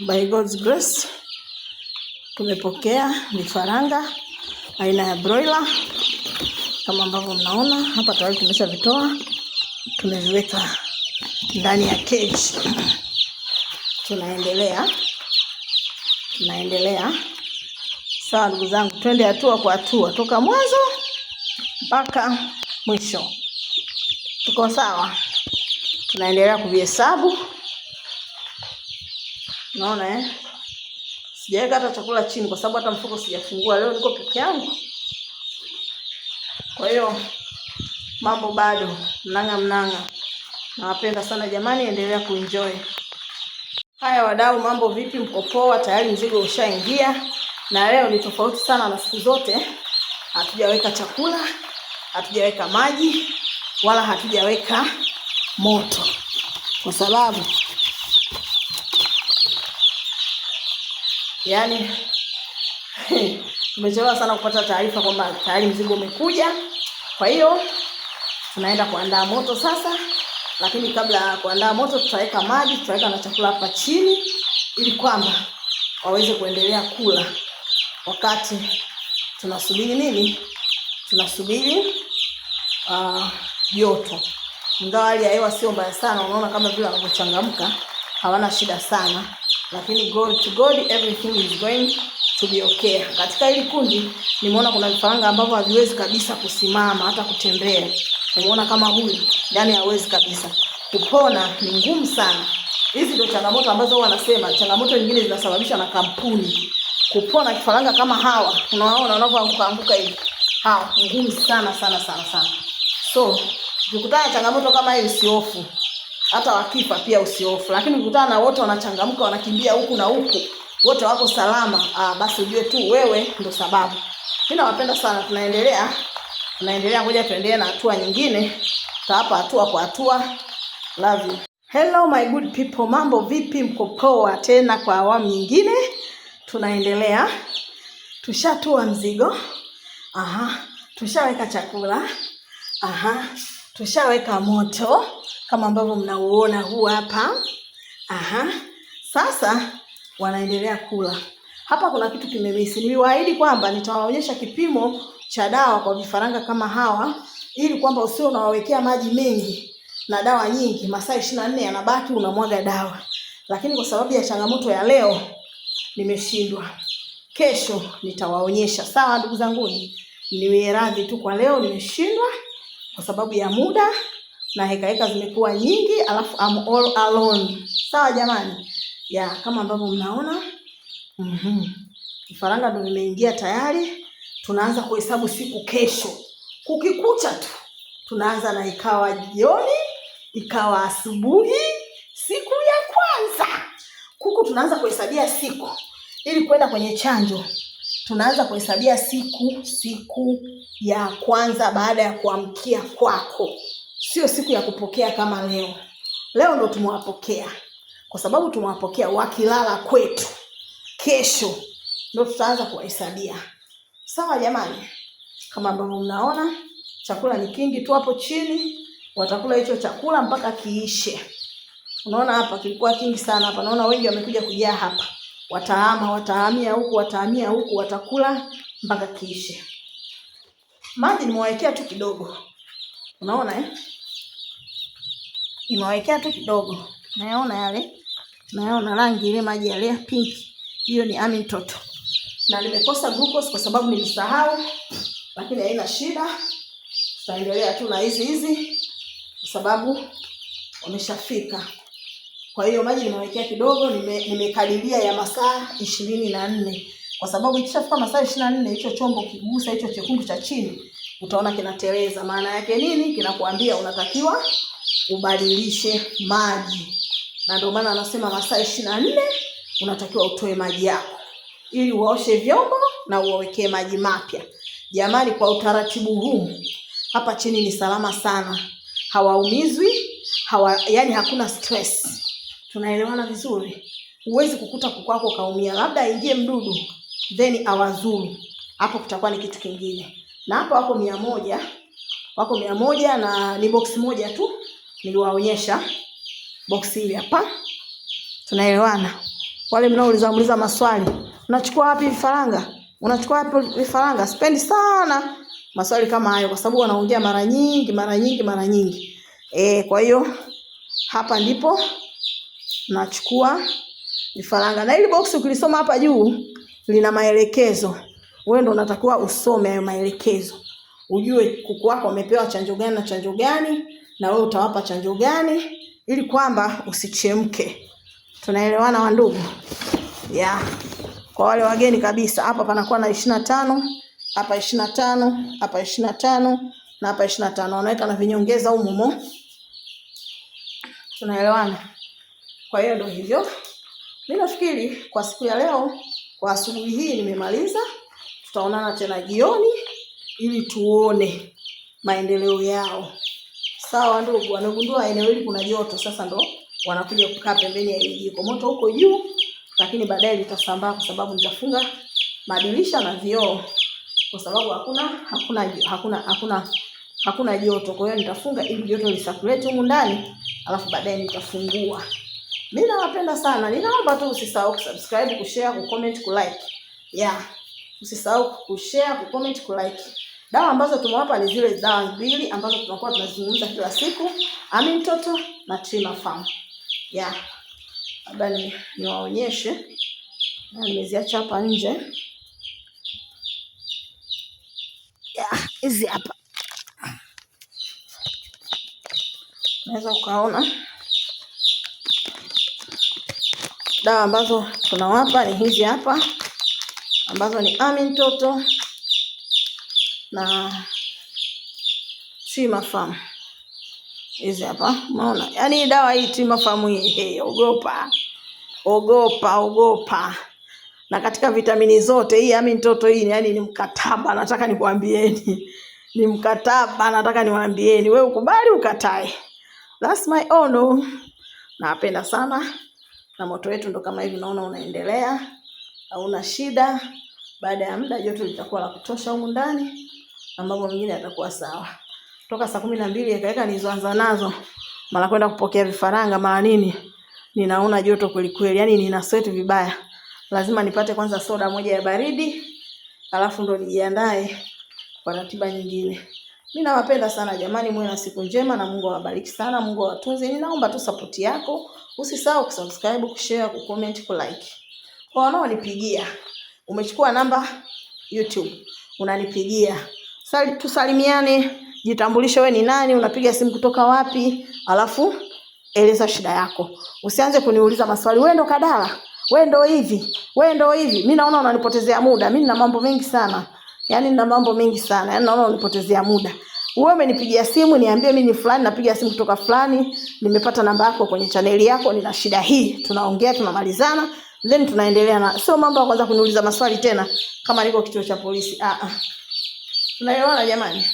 by God's grace tumepokea vifaranga aina ya broiler kama ambavyo mnaona hapa, tayari tumeshavitoa tumeviweka ndani ya cage. Tunaendelea, tunaendelea. Sawa ndugu zangu, twende hatua kwa hatua, toka mwanzo mpaka mwisho. Tuko sawa, tunaendelea kuvihesabu. Unaona eh? Sijaweka hata chakula chini kwa sababu hata mfuko sijafungua. Leo niko peke yangu, kwa hiyo mambo bado mnanga mnanga. Nawapenda sana jamani, endelea kuenjoy. Haya wadau, mambo vipi? Mko poa? Tayari mzigo ushaingia, na leo ni tofauti sana na siku zote. Hatujaweka chakula, hatujaweka maji, wala hatujaweka moto kwa sababu yaani tumechelewa sana kupata taarifa kwamba tayari mzigo umekuja. Kwa hiyo tunaenda kuandaa moto sasa, lakini kabla ya kuandaa moto, tutaweka maji, tutaweka na chakula hapa chini, ili kwamba waweze kuendelea kula wakati tunasubiri nini, tunasubiri ah, joto. Uh, ingawa hali ya hewa sio mbaya sana, unaona kama vile wanavyochangamka, hawana shida sana lakini God to God everything is going to be okay. Katika hili kundi nimeona kuna vifaranga ambavyo haviwezi kabisa kusimama hata kutembea. Umeona kama huyu yani hawezi kabisa kupona, ni ngumu sana. Hizi ndio changamoto ambazo wanasema, changamoto nyingine zinasababishwa na kampuni. Kupona kifaranga kama hawa, unaona wanavyoanguka anguka hivi, hawa ngumu sana sana sana sana. So ukikutana changamoto kama hii, usihofu hata wakifa pia usiofu, Lakini ukikutana na wote wanachangamka, wanakimbia huku na huku, wote wako salama, ah, basi ujue tu wewe ndo sababu. Mimi nawapenda sana. Tunaendelea, tunaendelea, ngoja tuendelee na hatua nyingine, tutawapa hatua kwa hatua. Love you. Hello my good people, mambo vipi? Mko poa? Tena kwa awamu nyingine tunaendelea. Tushatua mzigo, aha, tushaweka chakula, aha Tushaweka moto kama ambavyo mnauona huu hapa. Aha, sasa wanaendelea kula. Hapa kuna kitu kimemisi. Niliwaahidi kwamba nitawaonyesha kipimo cha dawa kwa vifaranga kama hawa, ili kwamba usio unawawekea maji mengi na dawa nyingi, masaa ishirini na nne yanabaki unamwaga dawa, lakini kwa sababu ya changamoto ya leo nimeshindwa. Kesho nitawaonyesha. Sawa ndugu zangu, niwe radhi tu kwa leo, nimeshindwa kwa sababu ya muda na heka heka zimekuwa nyingi, alafu I'm all alone. Sawa jamani, ya kama ambavyo mnaona mm -hmm. Vifaranga ndo vimeingia tayari, tunaanza kuhesabu siku kesho. Kukikucha tu tunaanza na ikawa jioni, ikawa asubuhi, siku ya kwanza kuku tunaanza kuhesabia siku ili kwenda kwenye chanjo tunaanza kuhesabia siku, siku ya kwanza baada ya kuamkia kwako, sio siku ya kupokea kama leo. Leo ndo tumewapokea, kwa sababu tumewapokea wakilala kwetu, kesho ndo tutaanza kuwahesabia. Sawa jamani, kama ambavyo mnaona chakula ni kingi tu hapo chini, watakula hicho chakula mpaka kiishe. Unaona hapa kilikuwa kingi sana hapa, naona wengi wamekuja kujaa hapa watahama, watahamia huku, watahamia huku, watakula mpaka kiishe. Maji nimewawekea tu kidogo, unaona eh? Nimewawekea tu kidogo, nayaona yale, nayaona rangi ile maji yale ya pinki, hiyo ni amin toto Na nimekosa glucose kwa sababu nilisahau, lakini haina shida, tutaendelea tu na hizi hizi kwa sababu wameshafika. Kwa hiyo maji nimewekea kidogo, nimekadiria ya masaa ishirini na nne kwa sababu ikishafika masaa ishirini na nne hicho chombo kigusa hicho chekundu cha chini, utaona kinateleza. Maana yake nini? Kinakuambia unatakiwa ubadilishe maji, na ndio maana anasema masaa ishirini na nne unatakiwa utoe maji yako ili uoshe vyombo na uwekee maji mapya. Jamani, kwa utaratibu huu hapa chini ni salama sana, hawaumizwi hawa, yani hakuna stress. Tunaelewana vizuri? Huwezi kukuta kuku wako kaumia, labda aingie mdudu then awazuru, hapo kutakuwa ni kitu kingine. Na hapo wako mia moja, wako mia moja na ni boksi moja tu niliwaonyesha boksi hili hapa. Tunaelewana? Wale mnaouliza uliza maswali, unachukua wapi vifaranga, unachukua wapi vifaranga, sipendi sana maswali kama hayo, kwa sababu wanaongea mara nyingi mara nyingi mara nyingi. E, kwa hiyo hapa ndipo nachukua vifaranga. Na hili box ukilisoma hapa juu lina maelekezo, wewe ndo unatakiwa usome hayo maelekezo, ujue kuku wako wamepewa chanjo gani na chanjo gani, na wewe utawapa chanjo gani, ili kwamba usichemke. Tunaelewana wa ndugu? Yeah. Kwa wale wageni kabisa, hapa panakuwa na ishirini na tano hapa ishirini na tano hapa ishirini na tano na hapa ishirini na tano wanaweka na vinyongeza humo. Tunaelewana? Kwa hiyo ndio hivyo, mimi nafikiri kwa siku ya leo, kwa asubuhi hii nimemaliza. Tutaonana tena jioni ili tuone maendeleo yao. Sawa ndugu, wamegundua eneo hili kuna joto, sasa ndo wanakuja kukaa pembeni ya hili jiko. Moto huko juu, lakini baadaye litasambaa kwa sababu nitafunga madirisha na vioo kwa sababu hakuna hakuna hakuna hakuna hakuna joto. Kwa hiyo nitafunga ili joto lisakulete humu ndani, alafu baadaye nitafungua mi nawapenda sana. Ninaomba tu usisahau kusubscribe, kushare, kucomment, kulike. Yeah. Usisahau kushare, kucomment, kulike. Dawa ambazo tumewapa ni zile dawa mbili ambazo tunakuwa tunazungumza kila siku, Amini Toto na Trima Farm. Yeah. Labda ni niwaonyeshe. Nimeziacha hapa nje. Yeah, hizi hapa. Naweza ukaona Dawa ambazo tunawapa ni hizi hapa ambazo ni Amin Toto na Twimafarm hizi hapa, umeona? Yaani dawa hii Twimafarm hii, ogopa ogopa ogopa. Na katika vitamini zote hii Amin Toto hii, yaani ni mkataba, nataka nikuambieni ni mkataba, nataka niwaambieni, we ukubali ukatae, that's my own. Nawapenda sana na moto wetu ndo kama hivi naona unaendelea, hauna shida. Baada ya muda joto litakuwa la kutosha humu ndani na mambo mengine yatakuwa sawa. Toka saa kumi na mbili yakaweka nilizoanza nazo, mara kwenda kupokea vifaranga mara nini, ninaona joto kweli kweli, yani nina sweat vibaya. Lazima nipate kwanza soda moja ya baridi, alafu ndo nijiandae kwa ratiba nyingine. Mimi nawapenda sana jamani, muwe na siku njema na Mungu awabariki sana, Mungu awatunze. Ninaomba tu support yako, usisahau kusubscribe, kushare, kucomment, kulike. Kwa wanaonipigia, umechukua namba YouTube, unanipigia Sali, tusalimiane, jitambulishe, we ni nani, unapiga simu kutoka wapi, alafu eleza shida yako. Usianze kuniuliza maswali, wewe ndo Kadala, wewe ndo hivi, wewe ndo hivi. Mimi naona unanipotezea muda, mimi nina mambo mengi sana. Yaani na mambo mengi sana. Yaani naona unipotezea muda. Wewe umenipigia simu niambie mimi ni fulani napiga simu kutoka fulani, nimepata namba yako kwenye chaneli yako, nina shida hii. Tunaongea, tunamalizana, then tunaendelea na sio mambo ya kwanza kuniuliza maswali tena kama niko kituo cha polisi. Ah ah. Tunaelewana jamani?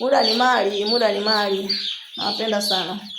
Muda ni mali, muda ni mali. Nawapenda sana.